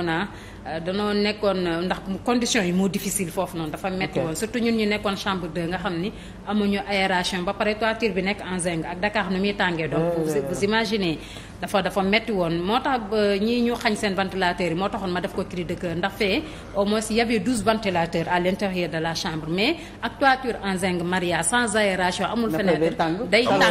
on a Euh, danoo nekkoon euh, ndax condition yi moo difficile foofu noonu dafa metti woon surtout ñun ñu nekkoon chambre 2 nga xam ni amuñu aération ba pare toiture bi nekk en zinc ak Dakar nu muy tàngee donc ah. vous imaginez dafa dafa moo tax ñii ñu xañ seen ventilateur yi moo taxoon ma de cœur ndax fee au moins y avait douze ventilateurs à l'intérieur de la chambre mais ak toiture en zinc Maria sans aération amul fenêtre day tàng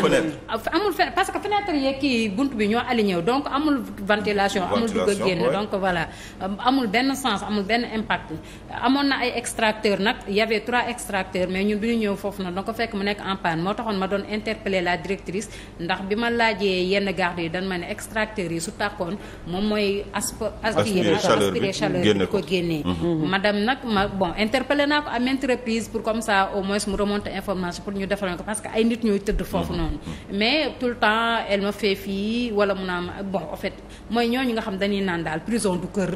amul parce que fenêtre yeeg kii bunt bi ñoo aligné donc amul ventilation amul dugg ak génn donc voilà euh, amul benn sens amul benn impact amoon na ay extracteurs nag y avait trois extracteurs mais ñu bi ñu ñëw foofu nag da ko fekk mu nekk en panne moo taxoon ma doon interpeller la directrice ndax bi ma laajee yenn garde yi dañ ma ne extracteurs yi su tàkkoon moom mooy asp aspiré chaleur bi ko génnee mhm. madame nag ma bon interpeller naa ko à maintes reprises pour comme ça au moins mu remonter information pour ñu defaral ko parce que ay nit ñooy tëdd foofu mhm. noonu mais tout le temps elle ma fee mu naa ma bon en fait mooy nga xam dañuy naan daal prison du kër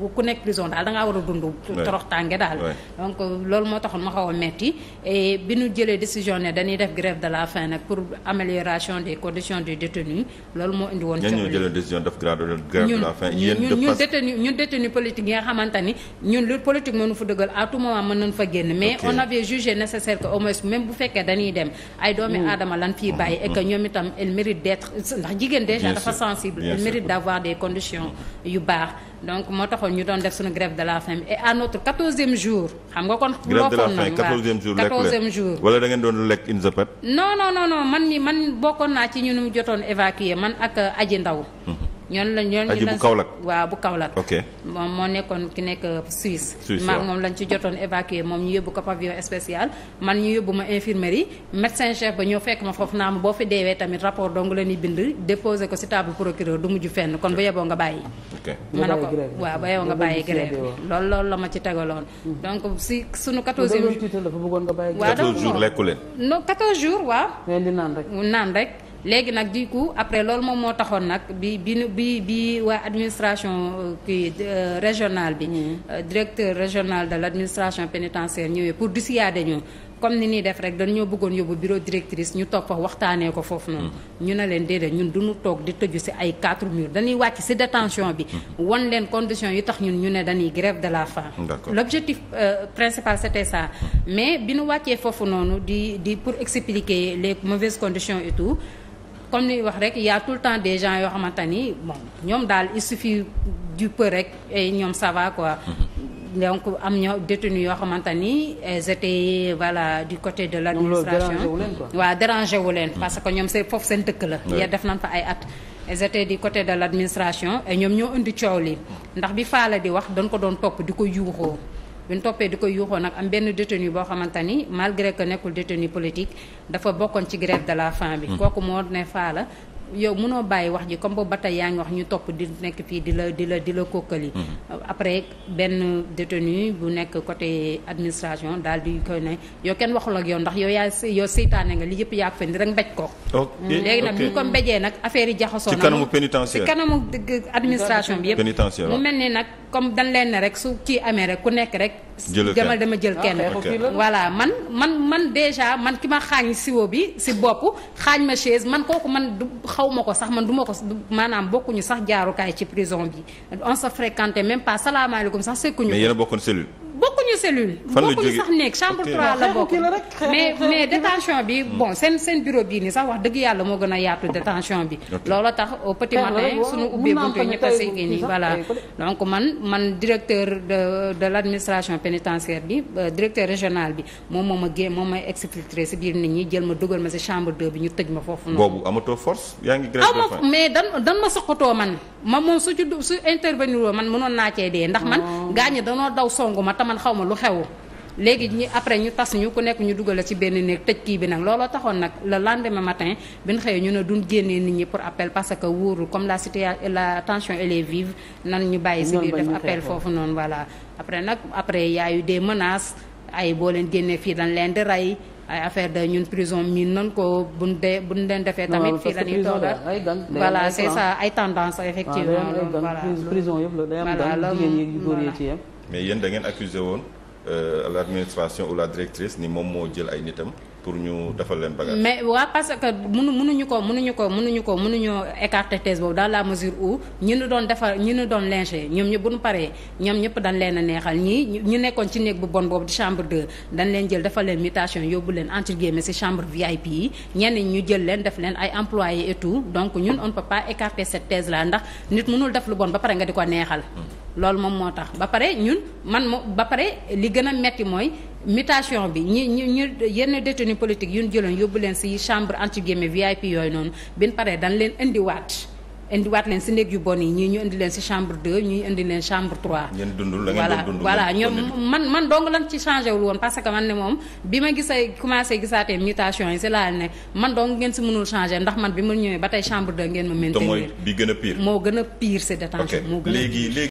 bu ku nekk prison daal da war a dund torox tànge daal donc loolu moo taxoon ma xaw a metti et bi ñu jëlee décision ne dañuy def grève de la fin nag pour amélioration des conditions des détenus loolu moo indi woon ñoo jëlee décision def grève de détenu ñun détenu politique yi nga xamante ni ñun lu politique mënu fa dëggal à tout moment mën nañ fa génn mais on avait jugé nécessaire que au moins même bu fekkee dañuy dem ay doomi aadama lan fii bàyyi et ñoom itam elle mérite d'être ndax jigéen déjà dafa sensible elle mérite d'avoir des conditions yu baax donc moo taxoon ñu doon def suñu grève de la faim et à notre quatorzième jour. xam nga kon loo foog nag quatorzième jour wala da ngeen doon lekk une no non non man mi man bokkoon naa ci ñu nu jotoon évacuer man ak aji ndaw. Mhm. ñoon la ñoon ñu bu Kaolack waaw bu Kaolack ok moom moo nekkoon ki nekk Suisse moom lañ ci jotoon évacué moom ñu yóbbu ko spécial man ñu yóbbu ma infirmerie médecin chef ba ñoo fekk ma foofu naa ma boo fi deewee tamit rapport dong la ñuy bind déposé ko ci table procureur du mujj fenn kon bu yeboo nga bàyyi ma ne ko waaw ba yow nga bàyyi grève bi loolu la ma ci tegaloon mm-hmm. donc si suñu quatorzième waaw quatorze jours lekku leen non quatorze jours waaw naan rek léegi nag du coup après loolu moom moo taxoon nag bi bi bi bi waa administration euh, kii euh, régional bi mm-hmm. euh, directeur régional de l' administration pénitentiaire ñëwee pour dissuader ñu comme ni ñuy def rek dañoo bëggoon yóbbu bureau directrice ñu toog fa waxtaanee ko foofu noonu. Mm. ñu ne leen déedéet ñun du toog di tëju si ay quatre murs dañuy wàcc si détention bi. Mm. won leen conditions yu tax ñun ñu ne dañuy grève de la faim. d'accord l'objectif euh, principal c'était ça mm. mais bi ñu wàccee foofu noonu di di pour expliquer les mauvaises conditions et tout. comme nuy wax rek yaa tout le temps des gens yoo xamante ni bon ñoom daal il fi du peu rek et ñoom ça donc am ñoo détenu yoo xamante ni ils étaient voilà du côté de l'administration waa dérangé wu leen parce que ñoom se foofu seen dëkk la yee def nañ fa ay at ils étaient du côté de l'administration et ñoom ñoo indi coow li ndax bi faala di wax dañ ko doon topp di ko yuuxoo bi ñu toppee di ko yuuxoo nag am benn détenu boo xamante ni malgré que nekkul détenu politique dafa bokkoon ci grève de la faim bi hmm. kooku moo ne faala yow munoo bàyyi wax ji comme boobu ba tey yaa ngi wax ñu topp di nekk fii di la di la di la kokkali. Mm-hmm. après benn détenu bu nekk côté administration daal di koy ne yow kenn waxul ak yow ndax yow yaa yow seytaane nga li yëpp yaa ko fay rek mbéj ko. Mm, léegi nag bu ñu ko mbéjee nag affaire yi jaxasoo. ci kanamu pénitentiaire ci kanamu administration bi yëpp. pénitentiaire mu mel ni nag comme dañ leen ne rek su kii amee rek ku nekk rek. demal dama jël ah, kenn voilà man man man déjà man ki ma xaañ siwo bi si bopp xaañ ma chaise man kooku man du xaw ma ko sax man du ma ko maanaam bokkuñu sax jaarukaay ci prison bi on se fréquentait même pas salaamaaleykum sax sekkuñu mais yéen a bokkoon cellule bokkuñu cellule. fan la bokkuñu sax nekk chambre 3 la bokk mais mais détention bi hmm. bon seen seen bureau bii nii sax wax dëgg yàlla moo gën a yaatu détention bi. looloo tax au petit matin ubbee buntu euh, a si biir nit ñi jël ma dugal ma si chambre 2 bi ñu tëj ma foofu noonu. boobu amatoo force yaa ngi grève de faim mais dan dan ma soxatoo man ma moom su ci man mënoon naa cee dee ndax man oh. gaañ danoo daw songu ma man xaw ma lu xewu léegi après ñu tas ñu ku nekk ñu dugale ci benn néeg tëj kii bi nag looloo taxoon nag le lendemain matin bi ñu xëyee ñu ne duñ génnee nit ñi pour appel parce que wóorul comme la situation la tension elle est vive nan ñu bàyyi si biir def appel foofu noonu voilà après nag après yaayu des menaces ay boo leen génnee fii dañ leen di rey ay affaire de ñun prison miin nan ko buñ dee buñ leen defee tamit fii la ñuy toogal c'est ça ay tendance ah, effectivement mais yéen dangeen ngeen woon euh, l'administration ou la directrice ni moom moo jël ay nitam pour ñu defal leen bagage. mais waa parce que mënu mënuñu ko mënuñu ko mënuñu ko mënuñoo écarter thèse boobu dans la mesure ou ñu nu doon defar ñu nu doon linger ñoom ñu bu ñu paree ñoom ñëpp dañ leen neexal ñii ñu nekkoon ci néeg bu bon boobu di chambre 2 dañ leen jël defal leen mutation yóbbu leen entre guillemets ci chambre VIP yi ñenn ñu jël leen def leen ay employés et donc ñun on ne peut pas écarter cette thèse là ndax nit munul def lu bon ba pare nga di ko neexal. Hmm. loolu moom moo tax ba pare ñun man ba pare li gën a metti mooy. mutation bi ñi ñi ñu yenn détenu politique yu ñu yóbbu leen ci chambre entre guillemets VIP yooyu noonu bin paree dañ leen indiwaat indiwaat leen ci néeg yu bon yi ñii ñu indi leen ci chambre 2 ñii indi leen chambre 3. ngeen dundul la ngeen dundul voilà ñoom man man dong lan ci changé wul woon parce que man ne moom bi ma gisay commencé gisaatee mutation yi ci laa ne man dong ngeen ci mënul changé ndax man bi ma ñëwee ba tey chambre 2 ngeen ma maintenir. te bi gën a pire moo gën a pire ci gën a